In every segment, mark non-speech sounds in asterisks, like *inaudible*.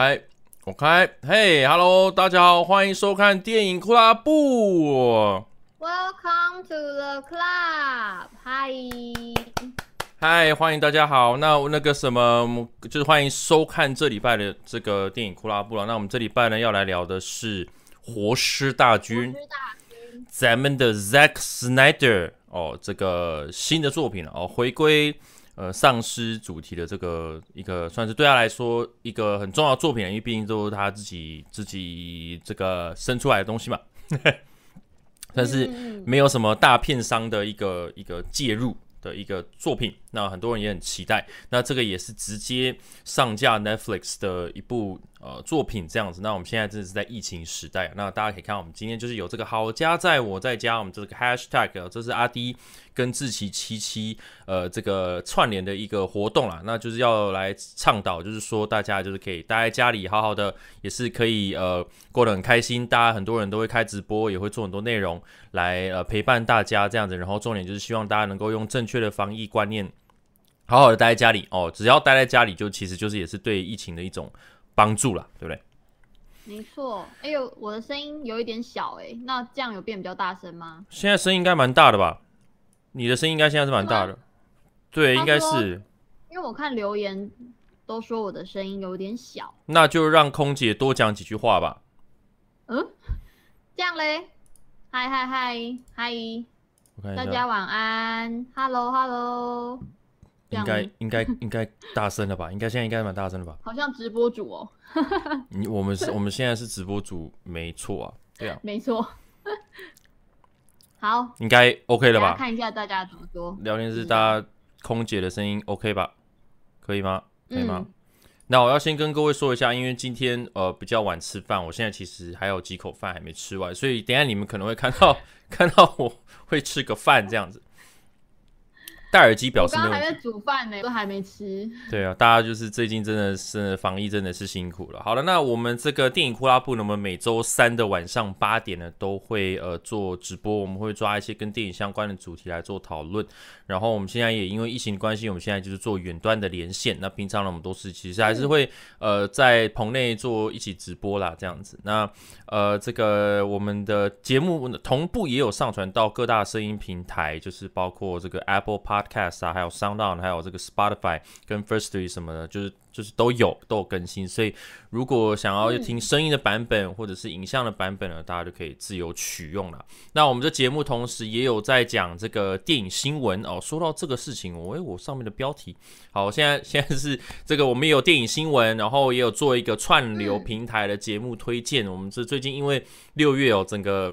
嗨，我開。嘿，哈嘍，大家好，歡迎收看電影酷拉部。Welcome to the club。嗨，嗨，歡迎大家好。那我那個什麼，就是歡迎收看這禮拜的這個電影酷拉部了。那我們這禮拜呢要來聊的是活屍大軍。大軍咱們的 Zack Snyder 哦，這個新的作品了哦，回歸。呃，喪屍主題的這個一個算是對他來說一個很重要的作品，因為畢竟都是他自己自己這個生出來的東西嘛。 *laughs* 但是沒有什麼大片商的一個一個介入的一個作品，那很多人也很期待。那這個也是直接上架 Netflix 的一部。呃，作品這樣子，那我們現在真的是在疫情時代，那大家可以看，我們今天就是有這個“好家在我在家”，我們這個 #，hashtag，這是阿滴跟志祺七七，呃，這個串聯的一個活動啦，那就是要來倡導，就是說大家就是可以待在家裡，好好的，也是可以呃，過得很開心。大家很多人都會開直播，也會做很多內容來呃陪伴大家這樣子，然後重點就是希望大家能夠用正確的防疫觀念，好好的待在家裡哦。只要待在家裡就，就其實就是也是對疫情的一種。幫助了，對不對？沒錯。哎、欸、呦，我的聲音有一點小，哎、欸，那這樣有變比較大聲嗎？現在聲音應該蠻大的吧？你的聲音應該現在是蠻大的。麼對，說應該是。因為我看留言都說我的聲音有點小，那就讓空姐多講幾句話吧。嗯，這樣嘞。嗨嗨嗨嗨，大家晚安，Hello, hello。應該應該應該大聲了吧？應該現在應該蠻大聲的吧？好像直播主哦，你 *laughs* 我們是我們現在是直播主，沒錯啊，對啊，沒錯，好，應該 OK 了吧？等一下看一下大家怎麼說。聊天室大家空姐的聲音，OK 吧？嗯、可以嗎？可以嗎？那我要先跟各位說一下，因為今天呃比較晚吃飯，我現在其實還有幾口飯還沒吃完，所以等一下你們可能會看到 *laughs* 看到我會吃個飯這樣子。戴耳機表示。我剛還在煮飯呢，都還沒吃。對啊，大家就是最近真的是防疫真的是辛苦了。好了，那我們這個電影酷拉部呢，我們每周三的晚上八點呢都會呃做直播，我們會抓一些跟電影相關的主題來做討論。然後我們現在也因為疫情的關係，我們現在就是做遠端的連線。那平常呢我們都是其實還是會呃在棚內做一起直播啦這樣子。那呃這個我們的節目同步也有上傳到各大聲音平台，就是包括這個 Apple Podcast。Podcast 啊，還有 SoundOn，還有這個 Spotify 跟 Firstory 什麼的，就是就是都有，都有更新。所以如果想要聽聲音的版本、嗯、或者是影像的版本呢，大家就可以自由取用了。那我們這節目同時也有在講這個電影新聞哦。說到這個事情，我、欸、哎，我上面的標題，好，現在現在是這個，我們也有電影新聞，然後也有做一個串流平台的節目推薦。嗯、我們是最近因為六月有、哦、整個。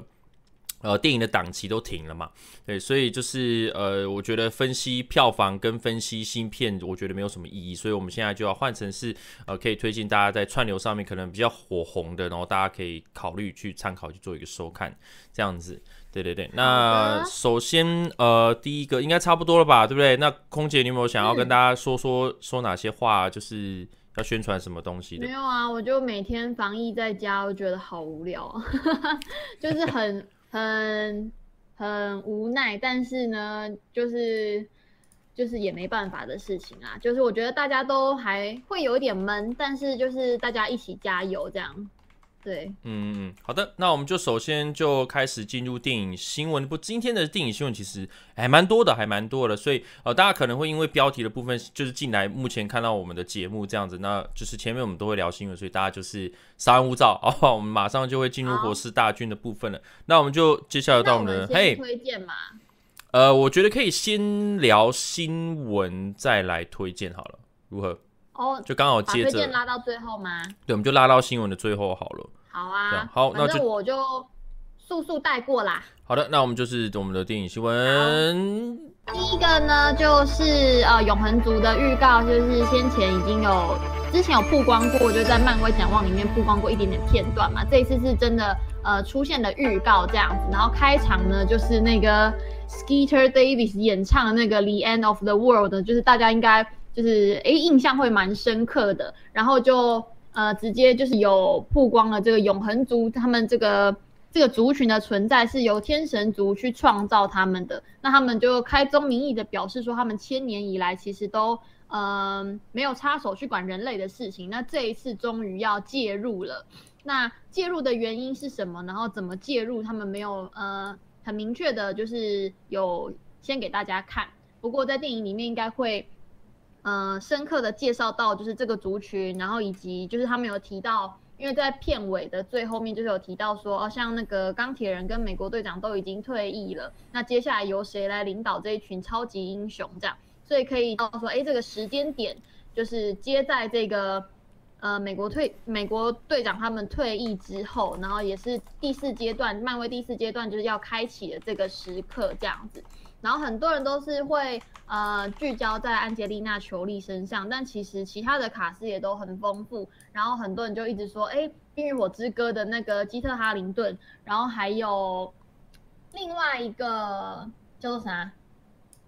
呃，電影的檔期都停了嘛？對，所以就是呃，我覺得分析票房跟分析新片，我覺得沒有什麼意義。所以我們現在就要換成是呃，可以推薦大家在串流上面可能比較火紅的，然後大家可以考慮去參考去做一個收看這樣子。對對對。那的首先呃，第一個應該差不多了吧，對不對？那空姐，你有沒有想要跟大家說說、嗯、說哪些話，就是要宣傳什麼東西的？沒有啊，我就每天防疫在家，我覺得好無聊， *laughs* 就是很。 *laughs* 很很無奈，但是呢，就是就是也沒辦法的事情啊。就是我覺得大家都還會有點悶，但是就是大家一起加油這樣。對，嗯嗯嗯，好的，那我們就首先就開始進入電影新聞不，今天的電影新聞其實還蠻多的，還蠻多的，所以呃，大家可能會因為標題的部分，就是進來目前看到我們的節目這樣子，那就是前面我們都會聊新聞，所以大家就是稍安勿躁哦，我們馬上就會進入活屍大軍的部分了。好那我們就接下來到我們的嘿推薦嘛，呃，我覺得可以先聊新聞，再來推薦好了，如何？哦，oh, 就剛好接着拉到最後嗎？對，我們就拉到新聞的最後好了。好啊，好，那我就速速帶過啦。好的，那我們就是我們的電影新聞。第一個呢，就是呃《永恆族》的預告，就是先前已經有之前有曝光過，就在漫威展望裡面曝光過一點點片段嘛。這一次是真的呃出現了預告這樣子，然後開場呢就是那個 Skeeter Davis 演唱的那個 The End of the World，就是大家應該。就是哎，印象會蠻深刻的，然後就呃，直接就是有曝光了這個永恆族他們這個這個族群的存在是由天神族去創造他們的，那他們就開宗明義的表示說，他們千年以來其實都嗯、呃、沒有插手去管人類的事情，那這一次終於要介入了。那介入的原因是什麼？然後怎麼介入？他們沒有呃很明確的，就是有先給大家看。不過在電影裡面應該會。呃，深刻的介紹到就是這個族群，然後以及就是他們有提到，因為在片尾的最後面就是有提到說，哦，像那個鋼鐵人跟美國隊長都已經退役了，那接下來由誰來領導這一群超級英雄這樣？所以可以到說，哎，這個時間點就是接在這個呃美國退美國隊長他們退役之後，然後也是第四階段漫威第四階段就是要開啟的這個時刻這樣子。然後很多人都是會呃聚焦在安吉麗娜·裘麗身上，但其實其他的卡司也都很豐富。然後很多人就一直說，哎，《冰與火之歌》的那個基特·哈靈頓，然後還有另外一個叫做啥，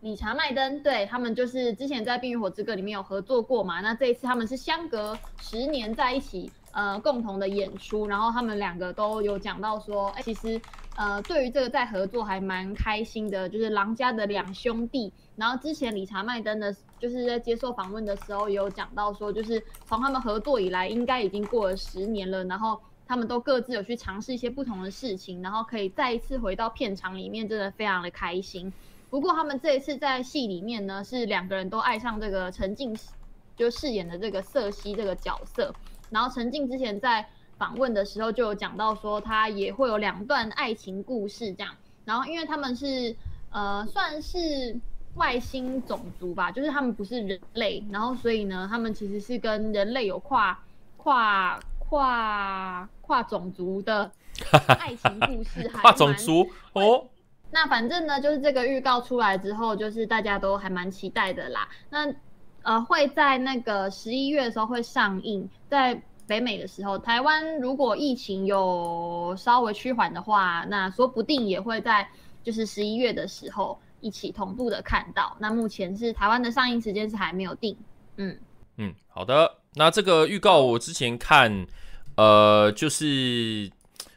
理查·麥登，對他們就是之前在《冰與火之歌》裡面有合作過嘛。那這一次他們是相隔十年在一起。呃，共同的演出，然後他們兩個都有講到說，欸，其實，呃，對於這個在合作還蠻開心的，就是狼家的兩兄弟。然後之前理查麥登呢，就是在接受訪問的時候也有講到說，就是從他們合作以來，應該已經過了十年了。然後他們都各自有去嘗試一些不同的事情，然後可以再一次回到片場裡面，真的非常的開心。不過他們這一次在戲裡面呢，是兩個人都愛上這個陳靜。就飾演的這個瑟西這個角色，然後陳靜之前在訪問的時候就有講到說，他也會有兩段愛情故事這樣。然後因為他們是呃算是外星種族吧，就是他們不是人類，然後所以呢，他們其實是跟人類有跨跨跨跨種族的愛情故事還蠻， *laughs* 跨種族還蠻哦。那反正呢，就是這個預告出來之後，就是大家都還蠻期待的啦。那呃，會在那個十一月的時候會上映，在北美的時候，台灣如果疫情有稍微趨緩的話，那說不定也會在就是十一月的時候一起同步的看到。那目前是台灣的上映時間是還沒有定。嗯嗯，好的。那這個預告我之前看，呃，就是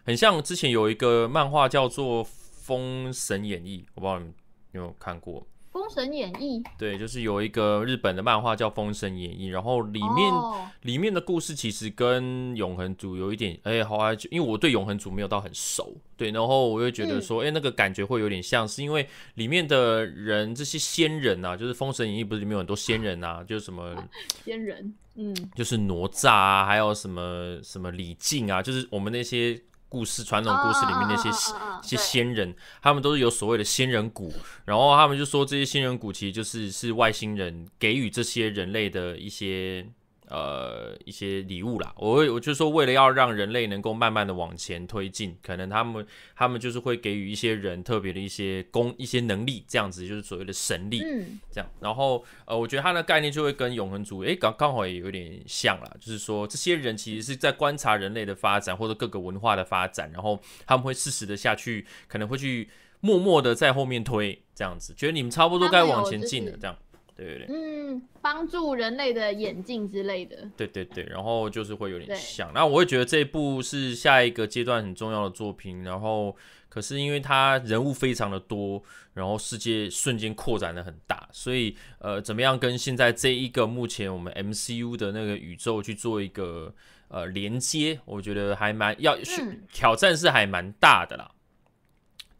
很像之前有一個漫畫叫做《封神演義》，我不知道你有沒有看過？《封神演義》對，就是有一個日本的漫畫叫《封神演義》，然後裡面、哦、裡面的故事其實跟《永恆族》有一點，哎、欸，好啊就，因為我對《永恆族》沒有到很熟，對，然後我又覺得說，哎、嗯欸，那個感覺會有點像是，因為裡面的人這些仙人啊，就是《封神演義》不是裡面有很多仙人啊，啊就是什麼、啊、仙人，嗯，就是哪吒啊，還有什麼什麼李靖啊，就是我們那些，故事傳統故事裡面那些、哦哦哦哦、些仙人，對他們都是有所謂的仙人骨，然後他們就說這些仙人骨其實就是是外星人給予這些人類的一些。呃，一些禮物啦，我會我就說，為了要讓人類能夠慢慢的往前推進，可能他們他們就是會給予一些人特別的一些功、一些能力，這樣子就是所謂的神力，嗯、這樣。然後呃，我覺得他的概念就會跟永恆族，哎、欸，剛剛好也有點像啦，就是說這些人其實是在觀察人類的發展或者各個文化的發展，然後他們會適時的下去，可能會去默默的在後面推，這樣子，覺得你們差不多該往前進了，這樣。對，對，嗯，幫助人類的眼鏡之類的。對對對，然後就是會有點像。對那我會覺得這一部是下一個階段很重要的作品。然後，可是因為它人物非常的多，然後世界瞬間擴展的很大，所以呃，怎麼樣跟現在這一個目前我們 MCU 的那個宇宙去做一個呃連接，我覺得還蠻要、嗯、挑戰是還蠻大的啦。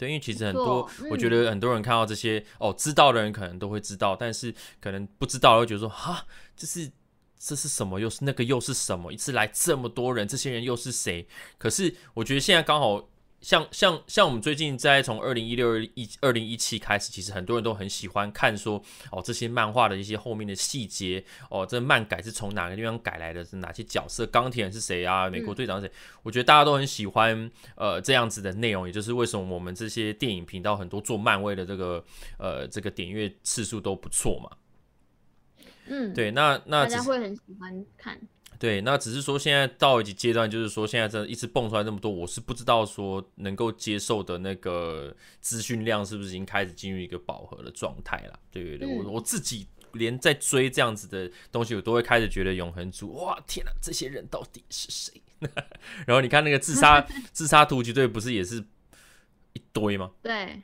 對，因為其實很多，嗯、我覺得很多人看到這些，哦，知道的人可能都會知道，但是可能不知道，會覺得說，哈，這是這是什麼又？又是那個？又是什麼？一次來這麼多人，這些人又是誰？可是我覺得現在剛好。像像像我們最近在從二零一六、二零一七開始，其實很多人都很喜歡看說，哦，這些漫畫的一些後面的細節哦，這漫改是從哪個地方改來的，是哪些角色？鋼鐵人是誰啊，美國隊長是誰？嗯，我覺得大家都很喜歡呃這樣子的內容，也就是為什麼我們這些電影頻道很多做漫威的這個呃這個點閱次數都不錯嘛。嗯，對，那那大家會很喜歡看。對，那只是說現在到一階段，就是說現在這一直蹦出來那麼多，我是不知道說能夠接受的那個資訊量是不是已經開始進入一個飽和的狀態了。對對對，嗯、我我自己連在追這樣子的東西，我都會開始覺得永恆族哇，天哪，這些人到底是誰？ *laughs* 然後你看那個自殺 *laughs* 自殺突擊隊，不是也是一堆嗎？對。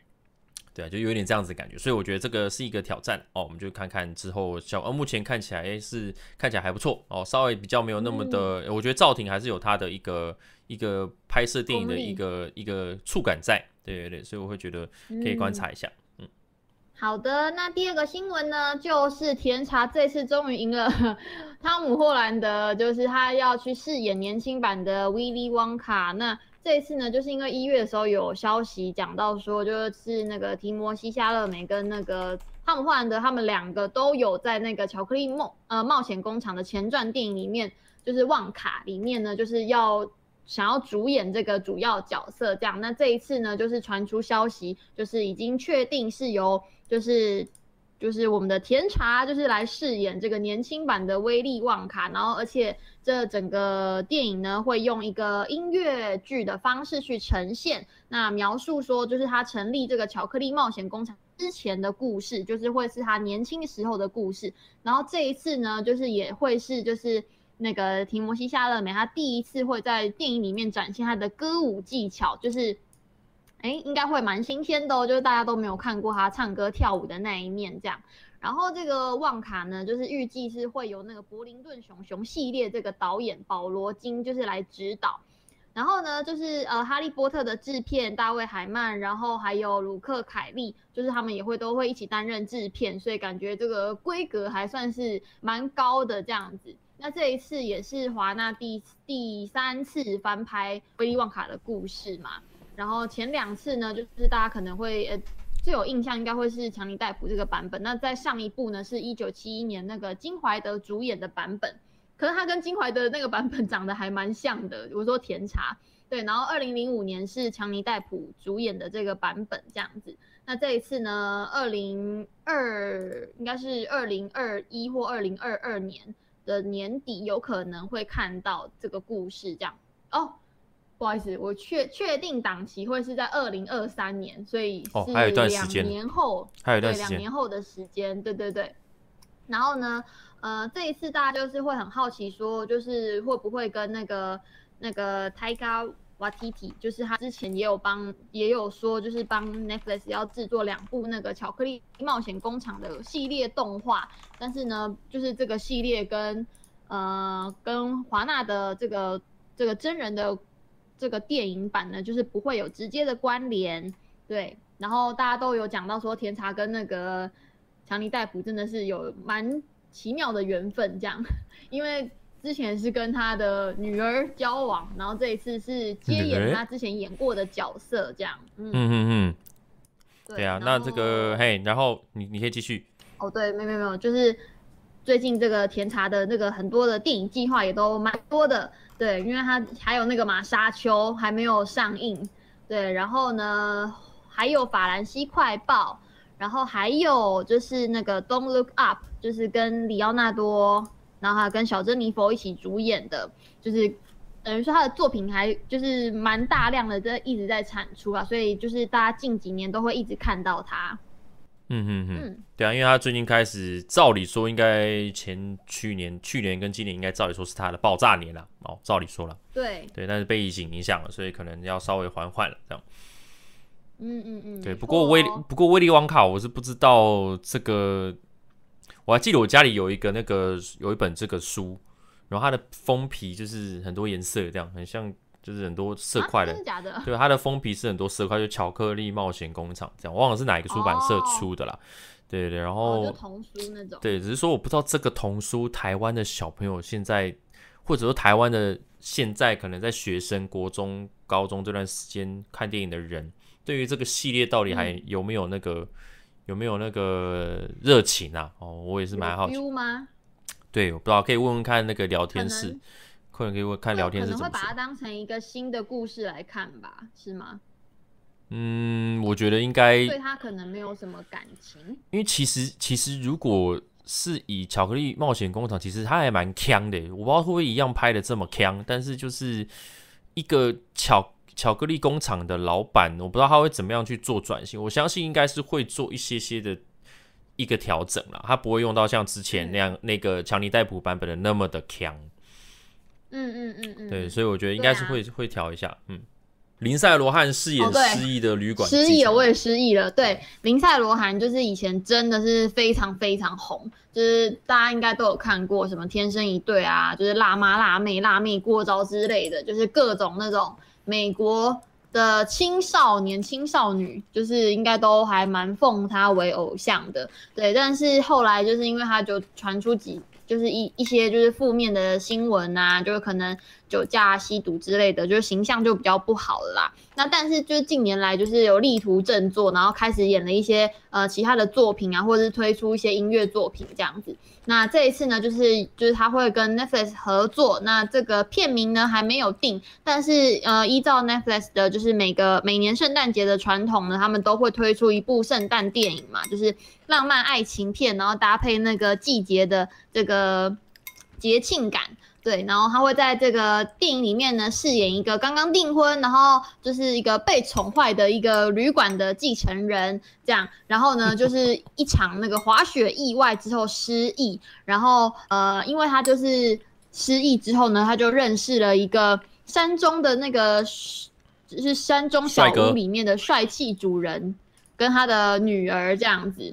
對、啊，就有點這樣子的感覺，所以我覺得這個是一個挑戰哦。我們就看看之後，小、啊、呃，目前看起來是，是看起來還不錯哦，稍微比較沒有那麼的，嗯、我覺得趙婷還是有他的一個、嗯、一個拍攝電影的一個利一個觸感在，對對對，所以我會覺得可以觀察一下，嗯。嗯好的，那第二個新聞呢，就是甜茶這次終於贏了湯姆·霍蘭德，就是他要去飾演年輕版的 Willy Wonka 那。這一次呢，就是因為一月的時候有消息講到說，就是那個提摩西·夏勒梅跟那個湯姆霍蘭德他們兩個都有在那個《巧克力夢，呃，冒險工廠》的前傳電影裡面，就是《旺卡》裡面呢，就是要想要主演這個主要角色。這樣，那這一次呢，就是傳出消息，就是已經確定是由就是。就是我們的甜茶，就是來飾演這個年輕版的威力旺卡，然後而且這整個電影呢會用一個音樂劇的方式去呈現。那描述說，就是他成立這個巧克力冒險工廠之前的故事，就是會是他年輕時候的故事。然後這一次呢，就是也會是就是那個提摩西夏勒梅，他第一次會在電影裡面展現他的歌舞技巧，就是。哎、欸，應該會蠻新鮮的，哦，就是大家都沒有看過他唱歌跳舞的那一面這樣。然後這個旺卡呢，就是預計是會由那個柏林頓熊熊系列這個導演保羅金就是來指導，然後呢就是呃哈利波特的制片大衛海曼，然後還有魯克凱利，就是他們也會都會一起擔任制片，所以感覺這個規格還算是蠻高的這樣子。那這一次也是華納第第三次翻拍《威利旺卡》的故事嘛，然後前兩次呢，就是大家可能會呃最有印象應該會是強尼戴普這個版本。那在上一部呢，是一九七一年那個金懷德主演的版本，可是他跟金懷德那個版本長得還蠻像的，比如說甜茶。對，然後二零零五年是強尼戴普主演的這個版本這樣子。那這一次呢，二零二應該是二零二一或二零二二年的年底有可能會看到這個故事這樣哦。不好意思，我確確定檔期會是在二零二三年，所以是兩年後，對，兩年後的時間，對對對。然後呢，呃，這一次大家就是會很好奇說，就是會不會跟那個那個 Taika Watiti，就是他之前也有幫也有說，就是幫 Netflix 要製作兩部那個巧克力冒險工廠的系列動畫，但是呢，就是這個系列跟呃跟華納的這個這個真人的。這個電影版呢，就是不會有直接的關聯，對。然後大家都有講到說，甜茶跟那個強尼戴普真的是有蠻奇妙的緣分，這樣。因為之前是跟他的女兒交往，然後這一次是接演他之前演過的角色，這樣。嗯嗯嗯。對啊，那這個嘿，然後你你可以繼續。哦，對，沒有，沒有沒有，就是最近這個甜茶的那個很多的電影計劃也都蠻多的。對，因為他還有那個嘛，《沙丘》還沒有上映，對，然後呢，還有《法蘭西快報》，然後還有就是那個《Don't Look Up》，就是跟李奧納多，然後還有跟小珍妮佛一起主演的，就是等於說他的作品還就是蠻大量的，這一直在產出啊，所以就是大家近幾年都會一直看到他。嗯嗯嗯，對啊，因為他最近開始，照理說應該前去年、去年跟今年應該照理說是他的爆炸年啦，哦，照理說啦，對對，但是被疫情影響了，所以可能要稍微緩緩了這樣。嗯嗯嗯，對，不過威囉不過威力旺卡，我是不知道這個，我還記得我家裡有一個那個有一本這個書，然後它的封皮就是很多顏色這樣，很像。就是很多色塊的。啊、真的假的？對，它的封皮是很多色塊，就巧克力冒險工廠這樣，我忘了是哪一個出版社出的啦。哦、對對，然後、哦、童書那種，對，只是說我不知道這個童書台灣的小朋友現在，或者說台灣的現在可能在學生國中、高中這段時間看電影的人，對於這個系列到底還有沒有那個、嗯、有沒有那個熱情啊？哦，我也是蠻好奇的。對，我不知道，可以問問看那個聊天室。可能給我看聊天，可能會把它當成一個新的故事來看吧，是嗎？嗯，我覺得應該對他可能沒有什麼感情，因為其實其實如果是以巧克力冒險工廠，其實他還蠻強的。我不知道會不會一樣拍的這麼強，但是就是一個巧巧克力工廠的老闆，我不知道他會怎麼樣去做轉型。我相信應該是會做一些些的一個調整了，他不會用到像之前那樣對那個強尼戴普版本的那麼的強。嗯嗯嗯嗯，對，所以我覺得應該是會、啊、會調一下。嗯，林賽羅漢飾演失憶的旅館、哦。失憶，我也失憶了。對，林賽羅漢就是以前真的是非常非常紅，就是大家應該都有看過什麼《天生一對》啊，就是辣媽辣妹、辣妹過招之類的，就是各種那種美國的青少年、青少女，就是應該都還蠻奉他為偶像的。對，但是後來就是因為他就傳出幾。就是一一些就是負面的新聞啊，就是可能。酒駕、吸毒之類的，就是形象就比較不好了啦。那但是就是近年來就是有力圖振作，然後開始演了一些呃其他的作品啊，或者是推出一些音樂作品這樣子。那這一次呢，就是就是他會跟 Netflix 合作。那這個片名呢還沒有定，但是呃依照 Netflix 的就是每個每年聖誕節的傳統呢，他們都會推出一部聖誕電影嘛，就是浪漫愛情片，然後搭配那個季節的這個節慶感。對，然後他會在這個電影裡面呢，飾演一個剛剛訂婚，然後就是一個被寵壞的一個旅館的繼承人，這樣。然後呢，就是一場那個滑雪意外之後失憶，然後呃，因為他就是失憶之後呢，他就認識了一個山中的那個，就是山中小屋裡面的帥氣主人哥跟他的女兒這樣子。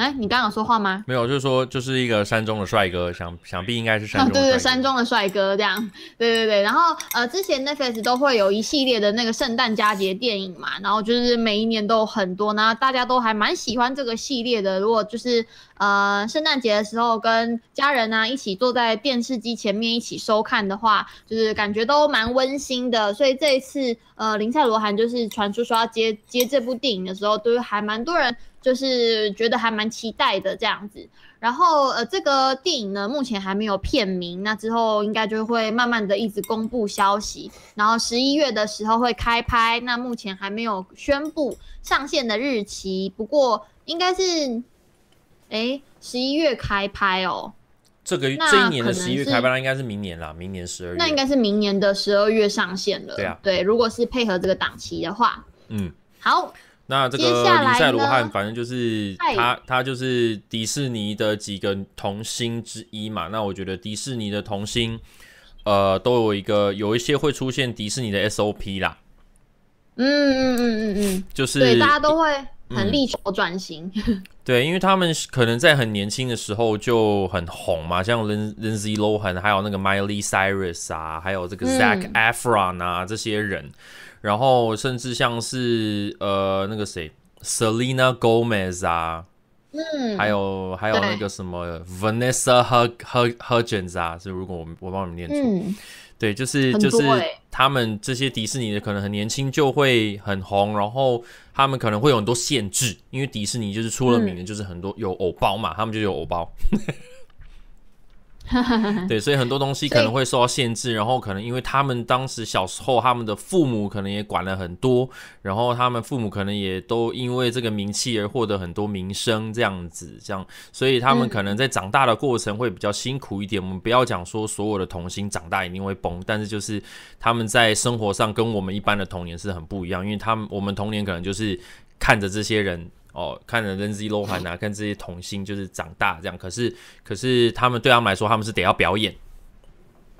哎，你剛剛有說話嗎？沒有，就是說，就是一個山中的帥哥，想想必應該是山中、哦、對對山中的帥哥這樣，對對對。然後呃，之前 Netflix 都會有一系列的那個聖誕佳節電影嘛，然後就是每一年都很多，那大家都還蠻喜歡這個系列的。如果就是。呃，聖誕節的時候跟家人呢、啊、一起坐在電視機前面一起收看的話，就是感覺都蠻溫馨的。所以這一次，呃，林賽羅涵就是傳出說要接接這部電影的時候，都、就是、還蠻多人就是覺得還蠻期待的這樣子。然後，呃，這個電影呢目前還沒有片名，那之後應該就會慢慢的一直公布消息。然後十一月的時候會開拍，那目前還沒有宣布上線的日期，不過應該是。哎，十一月開拍哦，這個這一年的十一月開拍，那它應該是明年啦，明年十二月。那應該是明年的十二月上線了。對啊，對，如果是配合這個檔期的話，嗯，好，那這個林賽羅漢，反正就是他，他就是迪士尼的幾個童星之一嘛。那我覺得迪士尼的童星，呃，都有一個，有一些會出現迪士尼的 SOP 啦。嗯嗯嗯嗯嗯，嗯嗯嗯就是對大家都會。很力求轉型，嗯，對，因為他們可能在很年輕的時候就很紅嘛，像 Lind、Lindsay Lohan 還有那個 Miley Cyrus 啊，還有這個 Zac Efron、嗯、啊這些人，然後甚至像是呃那個誰 Selena Gomez 啊，嗯、還有還有那個什麼 Vanessa Hudg, Hudg, Hudgens 啊，所以如果我我幫你們唸出。嗯對，就是、欸、就是他們這些迪士尼的，可能很年輕就會很紅，然後他們可能會有很多限制，因為迪士尼就是出了名的，就是很多有“偶包”嘛，嗯、他們就有“偶包。” *laughs* *laughs* 對，所以很多東西可能會受到限制，以然後可能因為他們當時小時候，他們的父母可能也管了很多，然後他們父母可能也都因為這個名氣而獲得很多名聲，這樣子，這樣，所以他們可能在長大的過程會比較辛苦一點。嗯、我們不要講說所有的童星長大一定會崩，但是就是他們在生活上跟我們一般的童年是很不一樣，因為他們我們童年可能就是看着這些人。哦，看着琳賽蘿涵啊，看這些童星就是長大這樣。可是，可是他們對他們來說，他們是得要表演。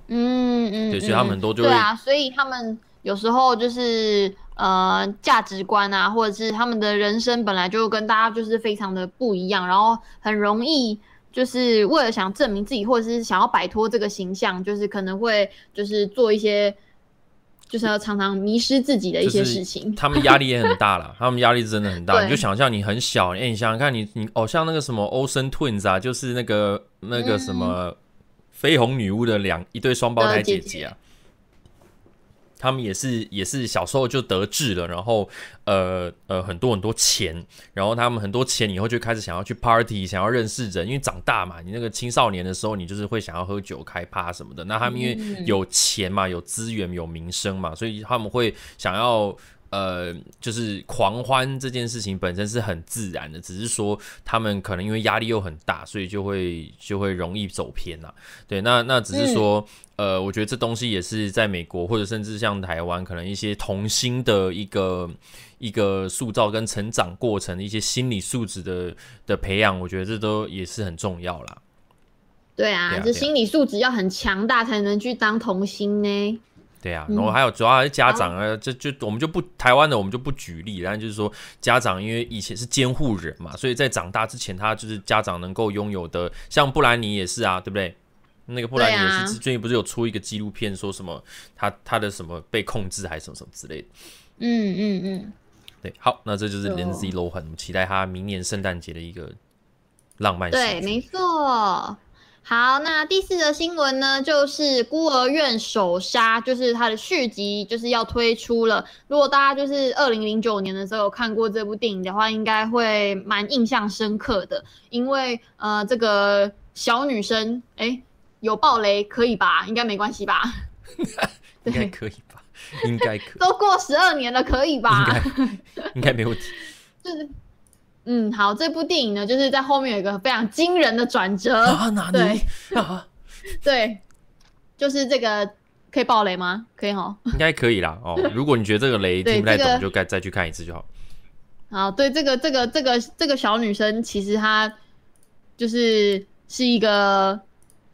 嗯嗯。嗯對，所以他們都就對啊。所以他們有時候就是呃價值觀啊，或者是他們的人生本來就跟大家就是非常的不一樣，然後很容易就是為了想證明自己，或者是想要擺脫這個形象，就是可能會就是做一些。就是要常常迷失自己的一些事情，他們壓力也很大啦， *laughs* 他們壓力真的很大。對你就想象你很小，欸，你想想看你，你你哦，像那個什麼 Olsen twins 啊，就是那個、嗯、那個什麼緋紅女巫的兩一對雙胞胎姐姐啊。他們也是也是小時候就得志了，然後呃呃很多很多錢，然後他們很多錢以後就開始想要去 party，想要認識人，因為長大嘛，你那個青少年的時候你就是會想要喝酒開趴什麼的。那他們因為有錢嘛，有資源有名聲嘛，所以他們會想要。呃，就是狂歡這件事情本身是很自然的，只是說他們可能因為壓力又很大，所以就會就會容易走偏了，啊。對，那那只是說，嗯、呃，我覺得這東西也是在美國或者甚至像台灣，可能一些童星的一個一個塑造跟成長過程的一些心理素質的的培養，我覺得這都也是很重要啦。對啊，這心理素質要很強大才能去當童星呢。對呀、啊，嗯、然後還有主要還是家長啊，好就就我們就不台灣的我們就不舉例，然後就是說家長，因為以前是監護人嘛，所以在長大之前，他就是家長能夠擁有的，像布蘭妮也是啊，對不對？那個布蘭妮也是、啊、最近不是有出一個紀錄片，說什麼他他的什麼被控制還是什麼什麼之類的。嗯嗯嗯，嗯嗯對，好，那這就是 Lindsay Lohan，我們期待他明年聖誕節的一個浪漫時間。對，沒錯。好，那第四則新聞呢，就是《孤兒院首殺》，就是它的續集，就是要推出了。如果大家就是二零零九年的時候有看過這部電影的話，應該會蠻印象深刻的。因為呃，這個小女生哎、欸，有爆雷可以吧？應該沒關係吧？ *laughs* 應該可以吧？應該可以。對 *laughs* 都過十二年了，可以吧？應該沒有問題。 *laughs* 就是嗯，好，這部電影呢，就是在後面有一個非常驚人的轉折。啊，哪裡？對，啊、對，就是這個可以爆雷嗎？可以齁，應該可以啦。 *laughs* 哦，如果你覺得這個雷聽不太懂，對就再再去看一次就好。這個、好，對，這個這個這個這個小女生，其實她就是是一個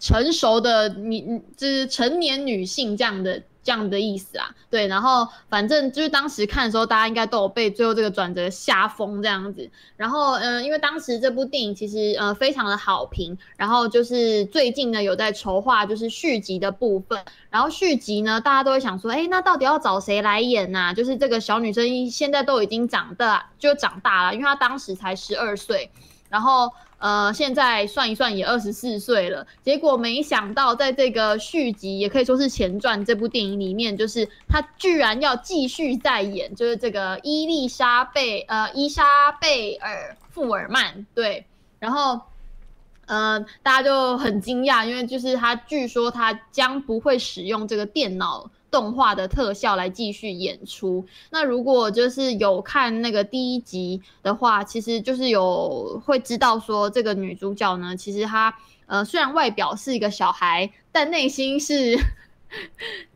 成熟的女，就是成年女性這樣的。這樣的意思啊，對，然後反正就是當時看的時候，大家應該都有被最後這個轉折嚇瘋這樣子。然後，嗯、呃，因為當時這部電影其實呃非常的好評，然後就是最近呢有在籌劃就是續集的部分。然後續集呢，大家都會想說，誒，那到底要找誰來演呢？啊？就是這個小女生現在都已經長大，就長大了，因為她當時才十二歲，然後。呃，現在算一算也二十四歲了，結果沒想到在這個續集，也可以說是前傳這部電影裡面，就是他居然要繼續再演，就是這個伊麗莎貝，呃，伊莎貝爾·富爾曼，對，然後，嗯、呃，大家就很驚訝，因為就是他據說他將不會使用這個電腦。動畫的特效來繼續演出。那如果就是有看那個第一集的話，其實就是有會知道說這個女主角呢，其實她呃雖然外表是一個小孩，但內心是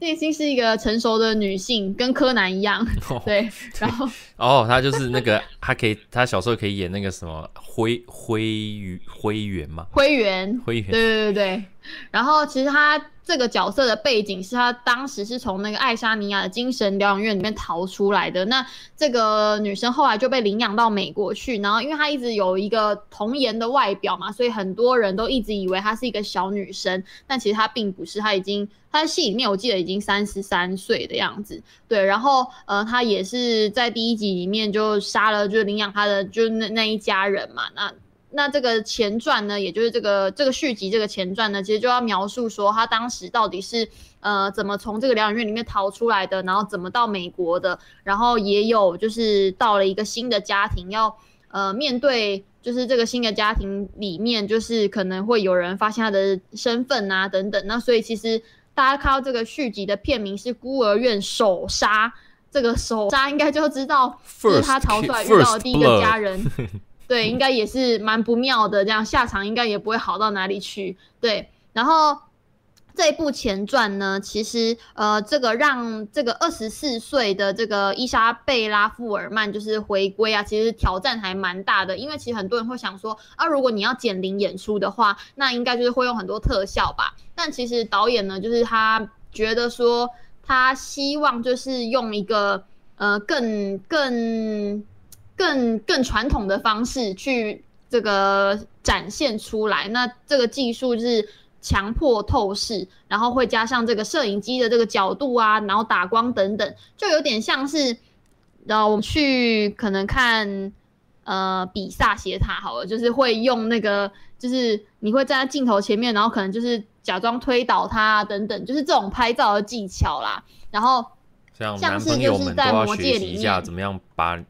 內 *laughs* 心是一個成熟的女性，跟柯南一樣。Oh, *laughs* 對，然後。哦，oh, 他就是那個， *laughs* 他可以，他小時候可以演那個什麼灰灰灰原嗎？灰原灰原。對對對，對 *laughs* 然後其實他這個角色的背景是他當時是從那個愛沙尼亞的精神療養院裡面逃出來的。那這個女生後來就被領養到美國去，然後因為她一直有一個童顏的外表嘛，所以很多人都一直以為她是一個小女生，但其實她並不是，她已經她的戲裡面我記得已經三十三歲的樣子。對，然後呃，她也是在第一集，裡面就殺了，就是領養他的就，就是那那一家人嘛。那那這個前傳呢，也就是這個這個續集這個前傳呢，其實就要描述說他當時到底是呃怎麼從這個療養院裡面逃出來的，然後怎麼到美國的，然後也有就是到了一個新的家庭要呃面對，就是這個新的家庭裡面就是可能會有人發現他的身份啊等等。那所以其實大家看到這個續集的片名是《孤兒院首殺》。這個時候大家應該就知道是他逃出來遇到的第一個家人，對，應該也是蠻不妙的，這樣下場應該也不會好到哪裡去，對。然後這部前傳呢，其實呃，這個讓這個二十四歲的這個伊莎貝拉·富爾曼就是回歸啊，其實挑戰還蠻大的，因為其實很多人會想說，啊，如果你要減齡演出的話，那應該就是會用很多特效吧？但其實導演呢，就是他覺得說。他希望就是用一個呃，更更更更傳統的方式去這個展現出來。那這個技術是強迫透視，然後會加上這個攝影機的這個角度啊，然後打光等等，就有點像是，然後我們去可能看呃，比薩斜塔好了，就是會用那個。就是你會站在鏡頭前面，然後可能就是假裝推倒她、啊、等等，就是這種拍照的技巧啦。然後像是就是在魔界裡面怎麼樣把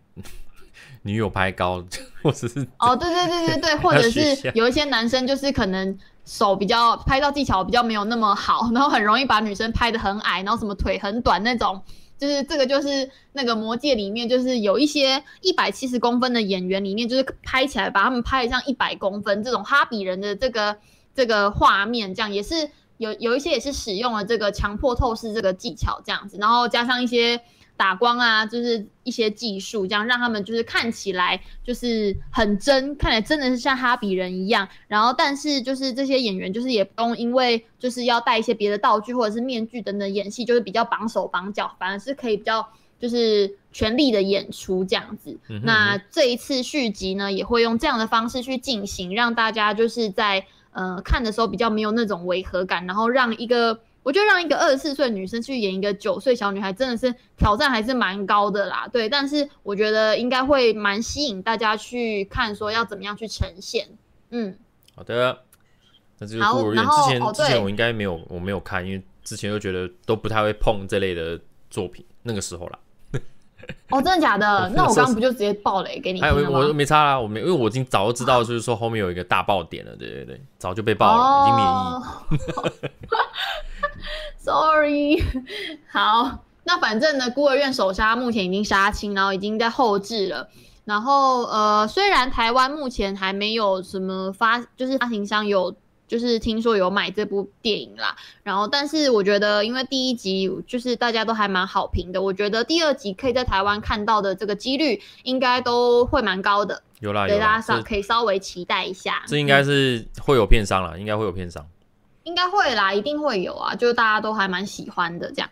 女友拍高，或者是哦，對對對對對，或者是有一些男生就是可能手比較拍照技巧比較沒有那麼好，然後很容易把女生拍的很矮，然後什麼腿很短那種。就是這個，就是那個魔戒裡面，就是有一些一百七十公分的演員裡面，就是拍起來把他們拍得像一百公分這種哈比人的這個這個畫面，這樣也是有有一些也是使用了這個強迫透視這個技巧這樣子，然後加上一些。打光啊，就是一些技術，這樣讓他們就是看起來就是很真，看起來真的是像哈比人一樣。然後，但是就是這些演員就是也不用因為就是要帶一些別的道具或者是面具等等演戲，就是比較綁手綁腳，反而是可以比較就是全力的演出這樣子。那這一次續集呢，也會用這樣的方式去進行，讓大家就是在呃看的時候比較沒有那種違和感，然後讓一個。我就讓一個二十四歲女生去演一個九歲小女孩，真的是挑戰還是蠻高的啦。對，但是我覺得應該會蠻吸引大家去看，說要怎麼樣去呈現。嗯，好的。那這個孤兒怨之前、哦、之前我應該沒有，我沒有看，因為之前都覺得都不太會碰這類的作品，那個時候啦。哦，真的假的？那我剛剛不就直接爆雷給你了，我我沒差啦，我沒，因為我已經早就知道，就是說後面有一個大爆點了，啊、對對對，早就被爆了，哦、已經免疫。 *laughs* Sorry，好，那反正呢，孤兒院首殺目前已經殺青，然後已經在後製了。然後呃，雖然台灣目前還沒有什麼發，就是發行商有。就是聽說有買這部電影啦，然後但是我覺得，因為第一集就是大家都還蠻好評的，我覺得第二集可以在台灣看到的這個幾率應該都會蠻高的。有啦，對有啦，大家稍這可以稍微期待一下。這應該是會有片商了，應該會有片商，應該會啦，一定會有啊，就是大家都還蠻喜歡的這樣。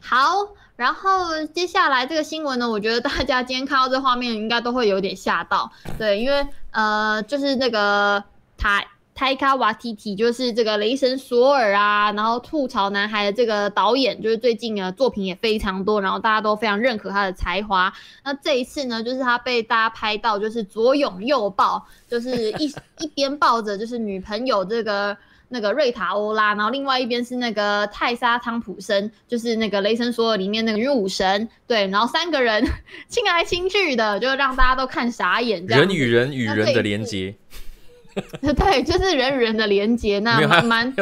好，然後接下來這個新聞呢，我覺得大家今天看到這畫面應該都會有點嚇到，對，因為呃，就是那個他。泰卡瓦提提就是這個雷神索爾啊，然後吐槽男孩的這個導演，就是最近啊作品也非常多，然後大家都非常認可他的才華。那這一次呢，就是他被大家拍到就是左擁右抱，就是一一邊抱着就是女朋友這個、 *laughs* 這個、那個瑞塔歐拉，然後另外一邊是那個泰莎湯普森，就是那個雷神索爾裡面那個女武神。對，然後三個人親來親去的，就讓大家都看傻眼。人與人與人的連接。 *laughs* 對，就是人與人的連接，那蠻蠻滿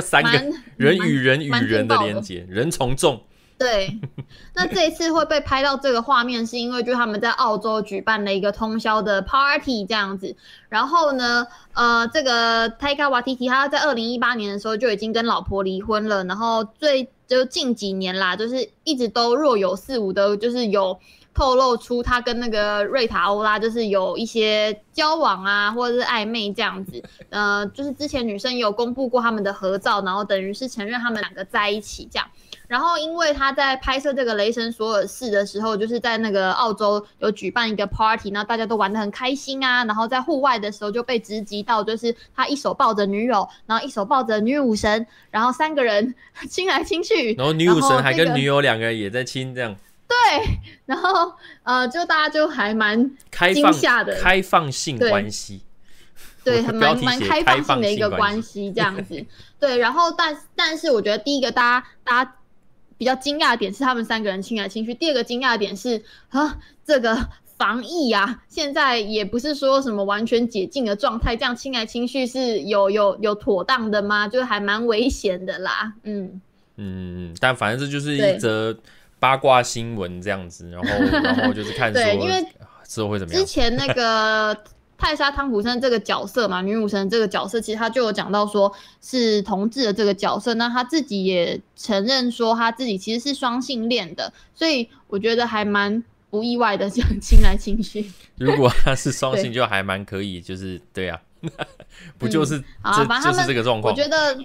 人與人與人的連接，滿人從眾。對， *laughs* 那這一次會被拍到這個畫面，是因為就是他們在澳洲舉辦了一個通宵的 party 這樣子。然後呢，呃，這個泰卡瓦提提他，在二零一八年的時候就已經跟老婆離婚了。然後最就近幾年啦，就是一直都若有似無的，就是有。透露出他跟那個瑞塔·歐拉就是有一些交往啊，或者是曖昧這樣子。呃，就是之前女生有公布過他們的合照，然後等於是承認他們兩個在一起這樣。然後因為他在拍攝這個《雷神索爾四》的時候，就是在那個澳洲有舉辦一個 party，然後大家都玩得很開心啊。然後在戶外的時候就被直擊到，就是他一手抱着女友，然後一手抱着女武神，然後三個人親來親去。然後女武神還跟女友兩個人也在親這樣。對，然後呃，就大家就還蠻驚嚇開放的，對開放性關係，對，標蠻蠻開放性的一個關係，關係這樣子。 *laughs* 對，然後但但是我覺得第一個大家大家比較驚訝的點是他們三個人親來親去，第二個驚訝的點是啊，這個防疫啊，現在也不是說什麼完全解禁的狀態，這樣親來親去是有有有妥當的嗎？就還蠻危險的啦。嗯嗯，但反正這就是一則。八卦新聞這樣子，然後然後就是看說。 *laughs* 對，因為之後會怎麼樣？之前那個泰莎·湯普森這個角色嘛， *laughs* 女武神這個角色，其實她就有講到說是同志的這個角色。那她自己也承認說，她自己其實是雙性戀的。所以我覺得還蠻不意外的，這樣親來親去。如果他是雙性，就還蠻可以， *laughs* 對就是對啊， *laughs* 不就是、 *laughs* 嗯啊、反正他們、就是這個狀況，我覺得。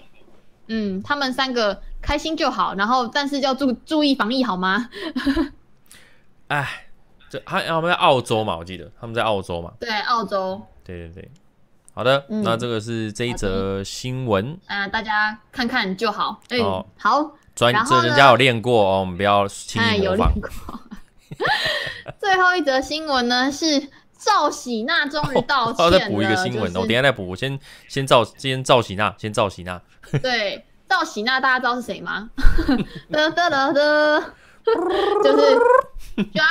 嗯，他們三個開心就好，然後但是要注注意防疫好嗎？哎， *laughs* 這他他們在澳洲嘛，我記得他們在澳洲嘛。對，澳洲。對對對，好的，嗯、那這個是這一則新聞啊、呃，大家看看就好。好、嗯哦、好，專業人家有練過哦，我們不要輕易模仿。哎、 *laughs* *laughs* 最後一則新聞呢是趙喜娜終於道歉了。我要、哦哦、再補一個新聞，就是、哦，等下再補。我先先趙先趙喜娜，先趙喜娜。 *laughs* 對，趙喜娜，大家知道是誰嗎？就是趙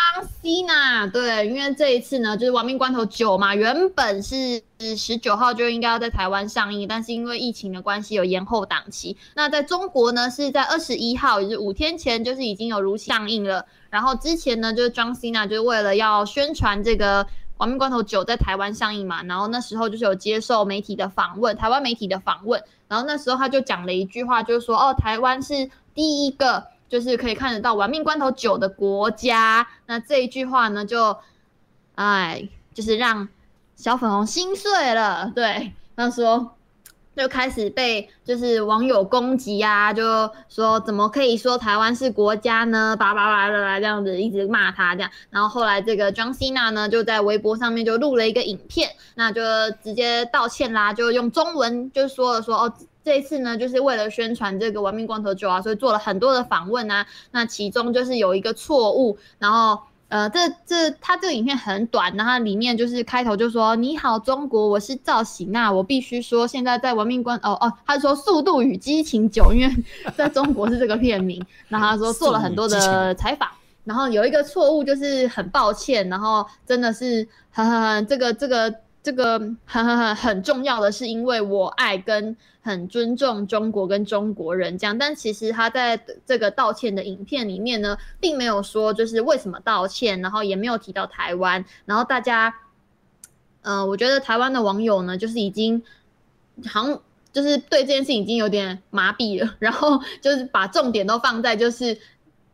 喜娜。對，因為這一次呢，就是《亡命關頭九》嘛，原本是十九號就應該要在台灣上映，但是因為疫情的關係有延後檔期。那在中國呢，是在二十一號，也就是五天前，就是已經有如期上映了。然後之前呢，就是趙喜娜，就是為了要宣傳這個《亡命關頭九》在台灣上映嘛，然後那時候就是有接受媒體的訪問，台灣媒體的訪問。然後那時候他就講了一句話，就是說，哦，台灣是第一個就是可以看得到玩命關頭九的國家。那這一句話呢，就，哎，就是讓小粉紅心碎了。對，他說。就開始被就是網友攻擊啊，就說怎麼可以說台灣是國家呢？叭叭叭的啦，這樣子一直罵他這樣。然後後來這個 John Cena 呢，就在微博上面就錄了一個影片，那就直接道歉啦，就用中文就說了說哦，這一次呢就是為了宣傳這個玩命光頭9啊，所以做了很多的訪問啊，那其中就是有一個錯誤，然後。呃，這這他這個影片很短，然後裡面就是開頭就說“你好，中國，我是趙喜娜”，我必須說，現在在文明觀哦哦，他說《速度與激情九》，因為在中國是這個片名， *laughs* 然後他說做了很多的採訪，是然後有一個錯誤，就是很抱歉，然後真的是呵呵呵，這個這個。這個很很很很重要的是，因為我愛跟很尊重中國跟中國人這樣，但其實他在這個道歉的影片裡面呢，並沒有說就是為什麼道歉，然後也沒有提到台灣，然後大家，嗯、呃，我覺得台灣的網友呢，就是已經好像就是對這件事已經有點麻痹了，然後就是把重點都放在就是。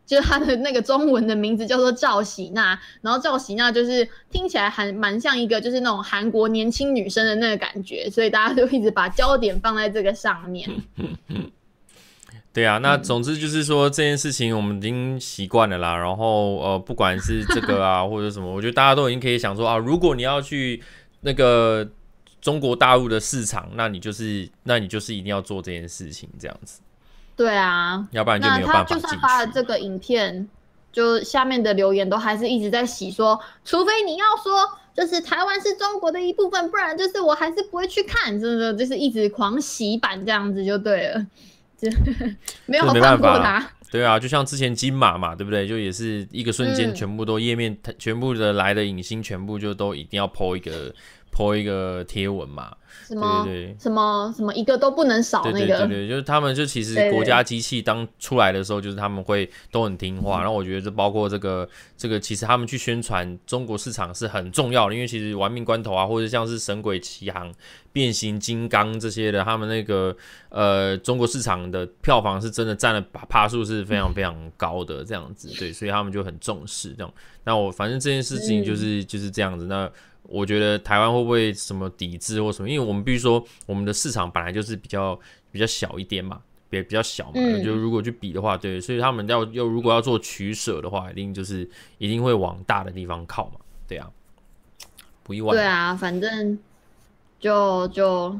就是他的那個中文的名字叫做趙喜娜，然後趙喜娜就是聽起來還蠻像一個就是那種韓國年輕女生的那個感覺，所以大家就一直把焦點放在這個上面。 *laughs* 對啊，那總之就是說這件事情我們已經習慣了啦。嗯、然後呃，不管是這個啊 *laughs* 或者什麼，我覺得大家都已經可以想說啊，如果你要去那個中國大陸的市場，那你就是，那你就是一定要做這件事情這樣子。對啊，要不然就沒有辦法，就算發了這個影片，就下面的留言都還是一直在洗說，說除非你要說就是台灣是中國的一部分，不然就是我還是不會去看，真的就是一直狂洗版這樣子就對了，就呵呵沒有過沒辦法表達。對啊，就像之前金馬嘛，對不對？就也是一個瞬間，全部都頁面、嗯、全部的來的影星，全部就都一定要 po 一個 *laughs* po 一個貼文嘛。是嗎？對對對，什麼什麼一個都不能少那個，對對對，就是他們就其實國家機器當出來的時候，對對對，就是他們會都很聽話。嗯、然後我覺得這包括這個這個，其實他們去宣傳中國市場是很重要的，因為其實玩命關頭啊，或者像是神鬼奇航、變形金剛這些的，他們那個呃中國市場的票房是真的佔了趴趴數，是非常非常高的這樣子，嗯、對，所以他們就很重視這樣。那我反正這件事情就是、嗯、就是這樣子。那我覺得台灣會不會什麼抵制或什麼，因為。我們必須說，我們的市場本來就是比較比較小一點嘛，比較比較小嘛，嗯，就如果去比的話，對，所以他們要要如果要做取舍的話，一定就是一定會往大的地方靠嘛，對啊，不意外。對啊，反正就就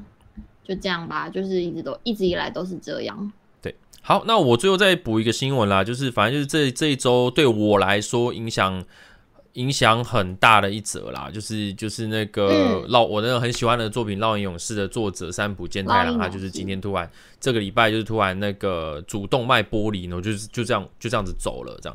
就這樣吧，就是一直都一直以來都是這樣。對，好，那我最後再補一個新聞啦，就是反正就是這這一周對我來說影響。影響很大的一則啦，就是就是那個《烙、嗯》，我那個很喜歡的作品《烙印勇士》的作者三浦建太郎，他就是今天突然這個禮拜就是突然那個主動脈剝離呢，然後就是就這樣就這樣子走了這樣。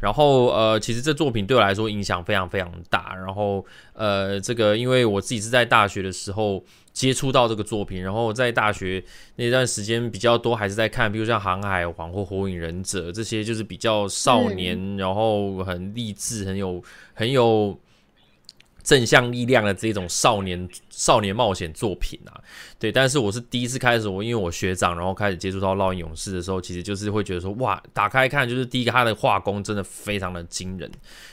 然後呃，其實這作品對我來說影響非常非常大。然後呃，這個因為我自己是在大學的時候。接觸到這個作品，然後在大學那段時間比較多，還是在看，比如像《航海王》或《火影忍者》這些，就是比較少年，嗯、然後很勵志，很有很有。正向力量的這種少年少年冒險作品啊，對，但是我是第一次開始，我因為我學長，然後開始接觸到烙印勇士的時候，其實就是會覺得說，哇，打開看，就是第一個他的畫工真的非常的驚人，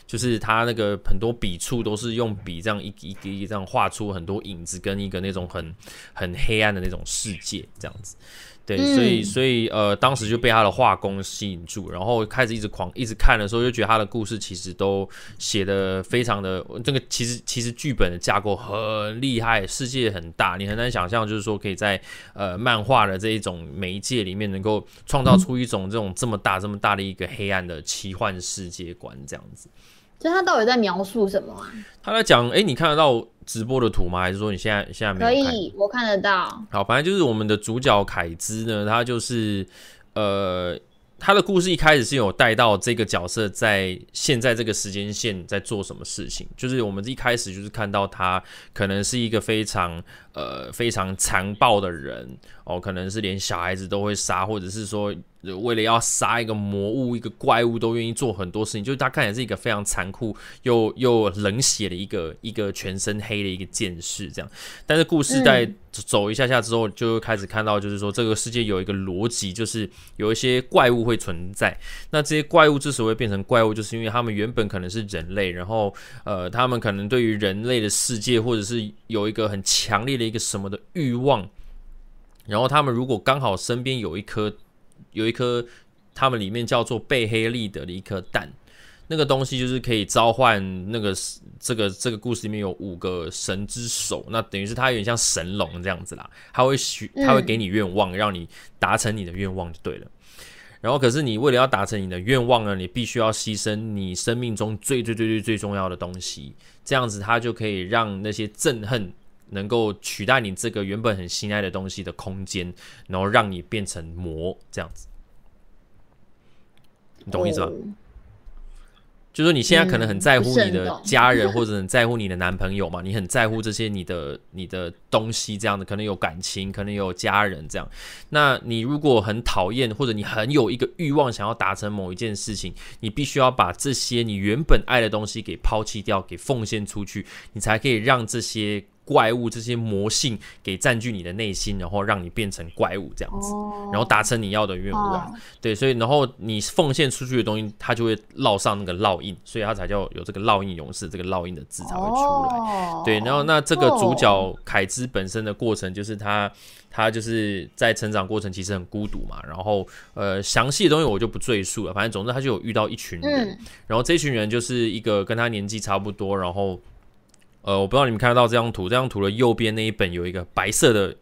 就是他那個很多筆觸都是用筆這樣一,一,一,一,這樣畫出很多影子跟一個那種很很黑暗的那種世界這樣子。對，所以所以呃，當時就被他的畫工吸引住，然後開始一直狂一直看的時候，就覺得他的故事其實都寫得非常的，這個其實其實劇本的架構很厲害，世界很大，你很難想象，就是說可以在呃漫畫的這一種媒介裡面能夠創造出一種這種這麼大這麼大的一個黑暗的奇幻世界觀這樣子。就他到底在描述什麼啊？他在講，誒、欸，你看得到。直播的圖嗎？還是說你現在現在沒有看？可以，我看得到。好，反正就是我們的主角凱茲呢，他就是，呃，他的故事一開始是有帶到這個角色在現在這個時間線在做什麼事情，就是我們一開始就是看到他可能是一個非常呃非常殘暴的人。哦，可能是連小孩子都會殺，或者是說為了要殺一個魔物、一個怪物都願意做很多事情，就是他看起來是一個非常殘酷又又冷血的一個一個全身黑的一個劍士這樣。但是故事在走一下下之後，就開始看到就是說、嗯、這個世界有一個邏輯，就是有一些怪物會存在。那這些怪物之所以會變成怪物，就是因為他們原本可能是人類，然後呃，他們可能對於人類的世界，或者是有一個很強烈的一個什麼的慾望。然後他們如果剛好身邊有一顆，有一顆，他們裡面叫做貝黑利德的一顆蛋，那個東西就是可以召喚那個這個這個故事裡面有五個神之手，那等於是它有點像神龍這樣子啦，它會許，它會給你願望，讓你達成你的願望就對了。然後可是你為了要達成你的願望呢，你必須要犧牲你生命中最最最最最最最重要的東西，這樣子它就可以讓那些憎恨。能夠取代你這個原本很心愛的東西的空間，然後讓你變成魔這樣子，你懂意思嗎？哦、就是說你現在可能很在乎你的家人，嗯、或者很在乎你的男朋友嘛，你很在乎這些你的 *laughs* 你的東西這樣子，可能有感情，可能有家人這樣。那你如果很討厭，或者你很有一個欲望，想要達成某一件事情，你必須要把這些你原本愛的東西給拋棄掉，給奉獻出去，你才可以讓這些。怪物這些魔性給佔據你的內心，然後讓你變成怪物這樣子，然後達成你要的願望。哦、對，所以然後你奉獻出去的東西，它就會烙上那個烙印，所以它才叫有這個烙印勇士，這個烙印的字才會出來。哦、對，然後那這個主角凱茲本身的過程，就是他他就是在成長過程其實很孤獨嘛，然後呃詳細的東西我就不贅述了，反正總之他就有遇到一群人，嗯、然後這群人就是一個跟他年紀差不多，然後。呃，我不知道你們看得到這張圖，這張圖的右邊那一本有一個白色的，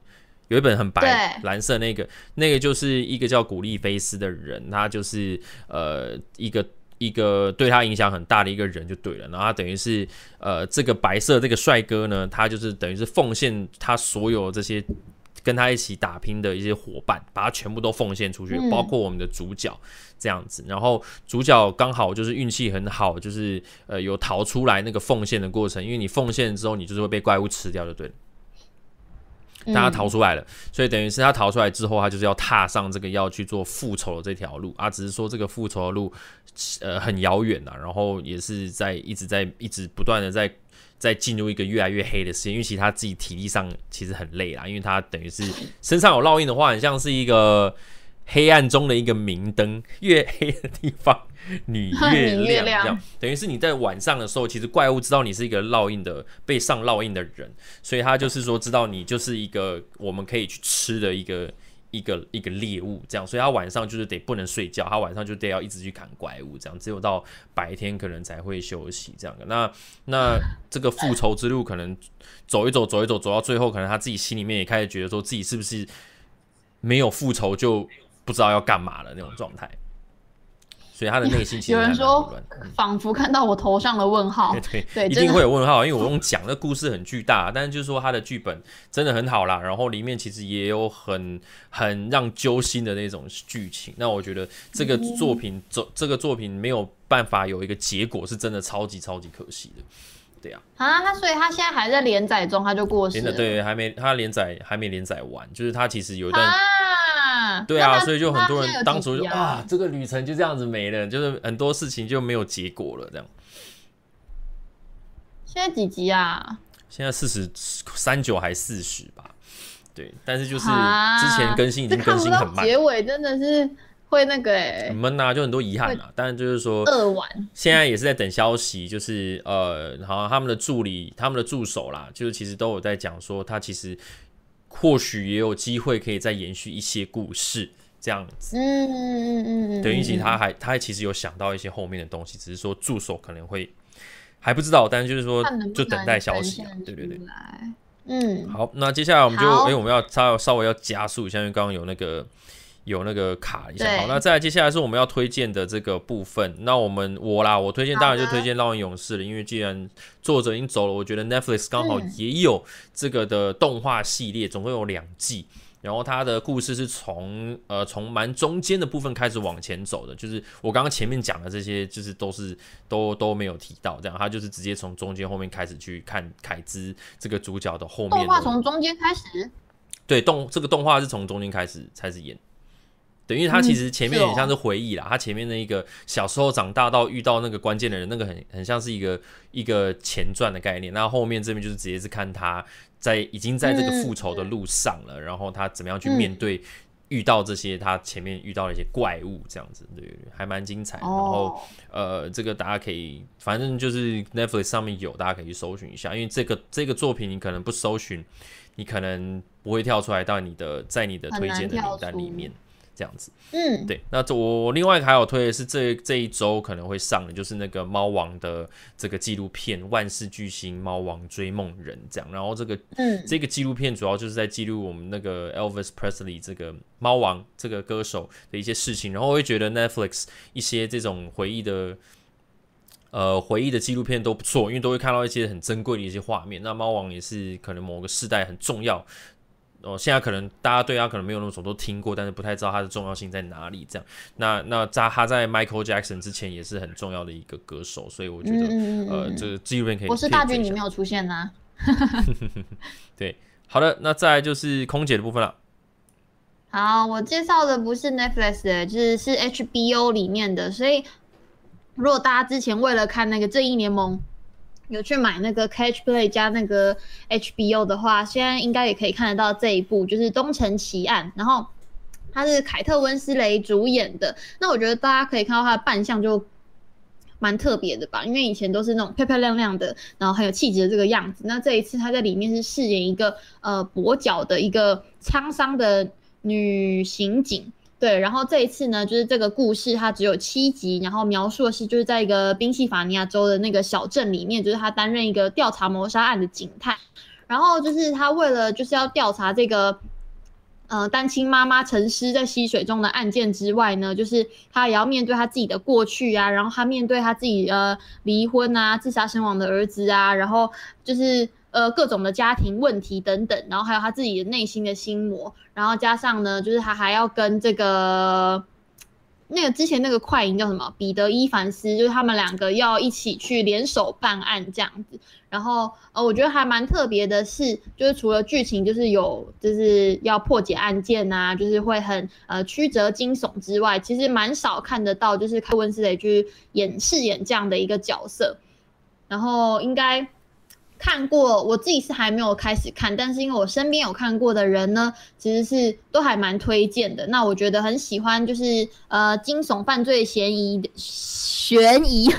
有一本很白對藍色那個，那個就是一個叫古利菲斯的人，他就是呃一個一個對他影響很大的一個人就對了，然後他等於是呃這個白色這個帥哥呢，他就是等於是奉獻他所有這些。跟他一起打拼的一些夥伴，把他全部都奉獻出去，包括我們的主角這樣子。嗯、然後主角剛好就是運氣很好，就是呃有逃出來那個奉獻的過程。因為你奉獻之後，你就是會被怪物吃掉就對了。但他逃出來了，嗯、所以等於是他逃出來之後，他就是要踏上這個要去做復仇的這條路啊。只是說這個復仇的路，呃很遙遠吶。然後也是在一直在一直不斷的在。在進入一個越來越黑的時間，因為其實他自己體力上其實很累啦，因為他等於是身上有烙印的話，很像是一個黑暗中的一個明燈，越黑的地方你越亮，這樣等於是你在晚上的時候，其實怪物知道你是一個烙印的、被上烙印的人，所以他就是說知道你就是一個我們可以去吃的一個。一個一個獵物這樣，所以他晚上就是得不能睡覺，他晚上就得要一直去砍怪物這樣，只有到白天可能才會休息這樣的。那那這個復仇之路可能走一走，走一走，走到最後，可能他自己心裡面也開始覺得說自己是不是沒有復仇就不知道要幹嘛了那種狀態。所以他的內心其實有人說，仿佛看到我頭上的問號，對，對，對，對的，一定會有問號，因為我用講的故事很巨大，嗯、但是就是說他的劇本真的很好啦，然後裡面其實也有很很讓揪心的那種劇情，那我覺得這個作品這、嗯、這個作品沒有辦法有一個結果，是真的超級超級可惜的，對啊，啊，他所以他現在還在連載中，他就過世了，的對，還沒他連載還沒連載完，就是他其實有一段。啊對啊，他所以就很多人當初就啊，啊，這個旅程就這樣子沒了，就是很多事情就沒有結果了，這樣。現在幾集啊？現在四十三九還四十吧？對，但是就是之前更新已經更新很慢，啊、結尾，真的是會那個悶、欸、吶、啊，就很多遺憾啊。但就是說現在也是在等消息，就是呃，好像他們的助理、他們的助手啦，就是其實都有在講說他其實。或許也有機會可以再延續一些故事，這樣子嗯。嗯嗯嗯嗯，等於他還，他還其實有想到一些後面的東西，只是說助手可能會還不知道，但是就是說就等待消息啊。能不能，對不對？對。嗯。好，那接下來我們就，哎好，我們要稍稍微要加速一下，因為剛剛有那個。有那個卡一下，對好，那再接下來是我們要推薦的這個部分。那我們我啦，我推薦當然就推薦《烙印勇士》了，的因為既然作者已經走了，我覺得 Netflix 剛好也有這個的動畫系列，嗯、總共有兩季。然後它的故事是從呃從蠻中間的部分開始往前走的，就是我剛剛前面講的這些，就是都是都都沒有提到，這樣他就是直接從中間後面開始去看凱茲這個主角的後面的。動畫從中間開始？對，動這個動畫是從中間開始開始演。等於他其實前面很像是回憶啦，嗯哦、他前面那一個小時候長大到遇到那個關鍵的人，那個很很像是一個一個前傳的概念。那後面這邊就是直接是看他在，在已經在這個復仇的路上了，嗯、然後他怎麼樣去面對、嗯、遇到這些他前面遇到的一些怪物這樣子，對，還蠻精彩。哦、然後呃，這個大家可以，反正就是 Netflix 上面有，大家可以去搜尋一下，因為這個這個作品你可能不搜尋，你可能不會跳出來到你的在你的推薦的名單裡面。這樣子，嗯，對，那這我另外還有推的是這這一周可能會上的，就是那個貓王的這個紀錄片《萬世巨星：貓王追夢人》這樣。然後這個，嗯，這個紀錄片主要就是在記錄我們那個 Elvis Presley 這個貓王這個歌手的一些事情。然後我會覺得 Netflix 一些這種回憶的，呃，回憶的紀錄片都不錯，因為都會看到一些很珍貴的一些畫面。那貓王也是可能某個世代很重要。哦，現在可能大家對他可能沒有那麼熟，都聽過，但是不太知道他的重要性在哪裡。這樣，那那扎哈在 Michael Jackson 之前也是很重要的一個歌手，所以我覺得，嗯、呃，這個紀錄片可以。我是大軍，你沒有出現呢、啊。 *laughs* *laughs* 對，好的，那再來就是空姐的部分了。好，我介紹的不是 Netflix，、欸、就是是 HBO 裡面的，所以如果大家之前為了看那個《正義聯盟》。有去買那個 Catch Play 加那個 HBO 的話，現在應該也可以看得到這一部，就是《東城奇案》，然後它是凱特溫斯雷主演的。那我覺得大家可以看到他的扮相就蠻特別的吧，因為以前都是那種漂漂亮亮的，然後很有氣質的這個樣子。那這一次她在裡面是飾演一個呃跛腳的一個滄桑的女刑警。對，然後這一次呢，就是這個故事，它只有七集，然後描述的是，就是在一個賓夕法尼亞州的那個小鎮裡面，就是他擔任一個調查謀殺案的警探，然後就是他為了就是要調查這個，嗯、呃，單親媽媽沉屍在溪水中的案件之外呢，就是他也要面對他自己的過去啊，然後他面對他自己呃離婚啊、自殺身亡的兒子啊，然後就是。呃，各種的家庭問題等等，然後還有他自己的內心的心魔，然後加上呢，就是他還要跟這個那個之前那個快銀叫什麼彼得·伊凡斯，就是他們兩個要一起去聯手辦案這樣子。然後呃，我覺得還蠻特別的是，就是除了劇情就是有就是要破解案件啊，就是會很呃曲折驚悚之外，其實蠻少看得到就是凱特溫絲蕾去演飾演這樣的一個角色，然後應該。看過，我自己是還沒有開始看，但是因為我身邊有看過的人呢，其實是都還蠻推薦的。那我覺得很喜歡，就是呃驚悚、犯罪嫌疑的、懸疑，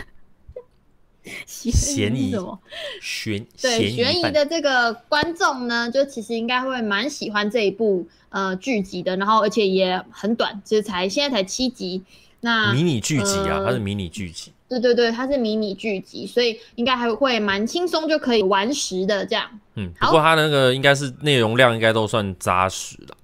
懸疑什 *laughs* 麼？懸對懸疑，疑的這個觀眾呢，就其實應該會蠻喜歡這一部呃劇集的。然後而且也很短，其、就、實、是、才現在才七集。那迷你劇集啊，它、呃、是迷你劇集。對對對，它是迷你劇集，所以應該還會蠻輕鬆就可以完食的這樣。嗯，不過它那個應該是內容量應該都算扎實的。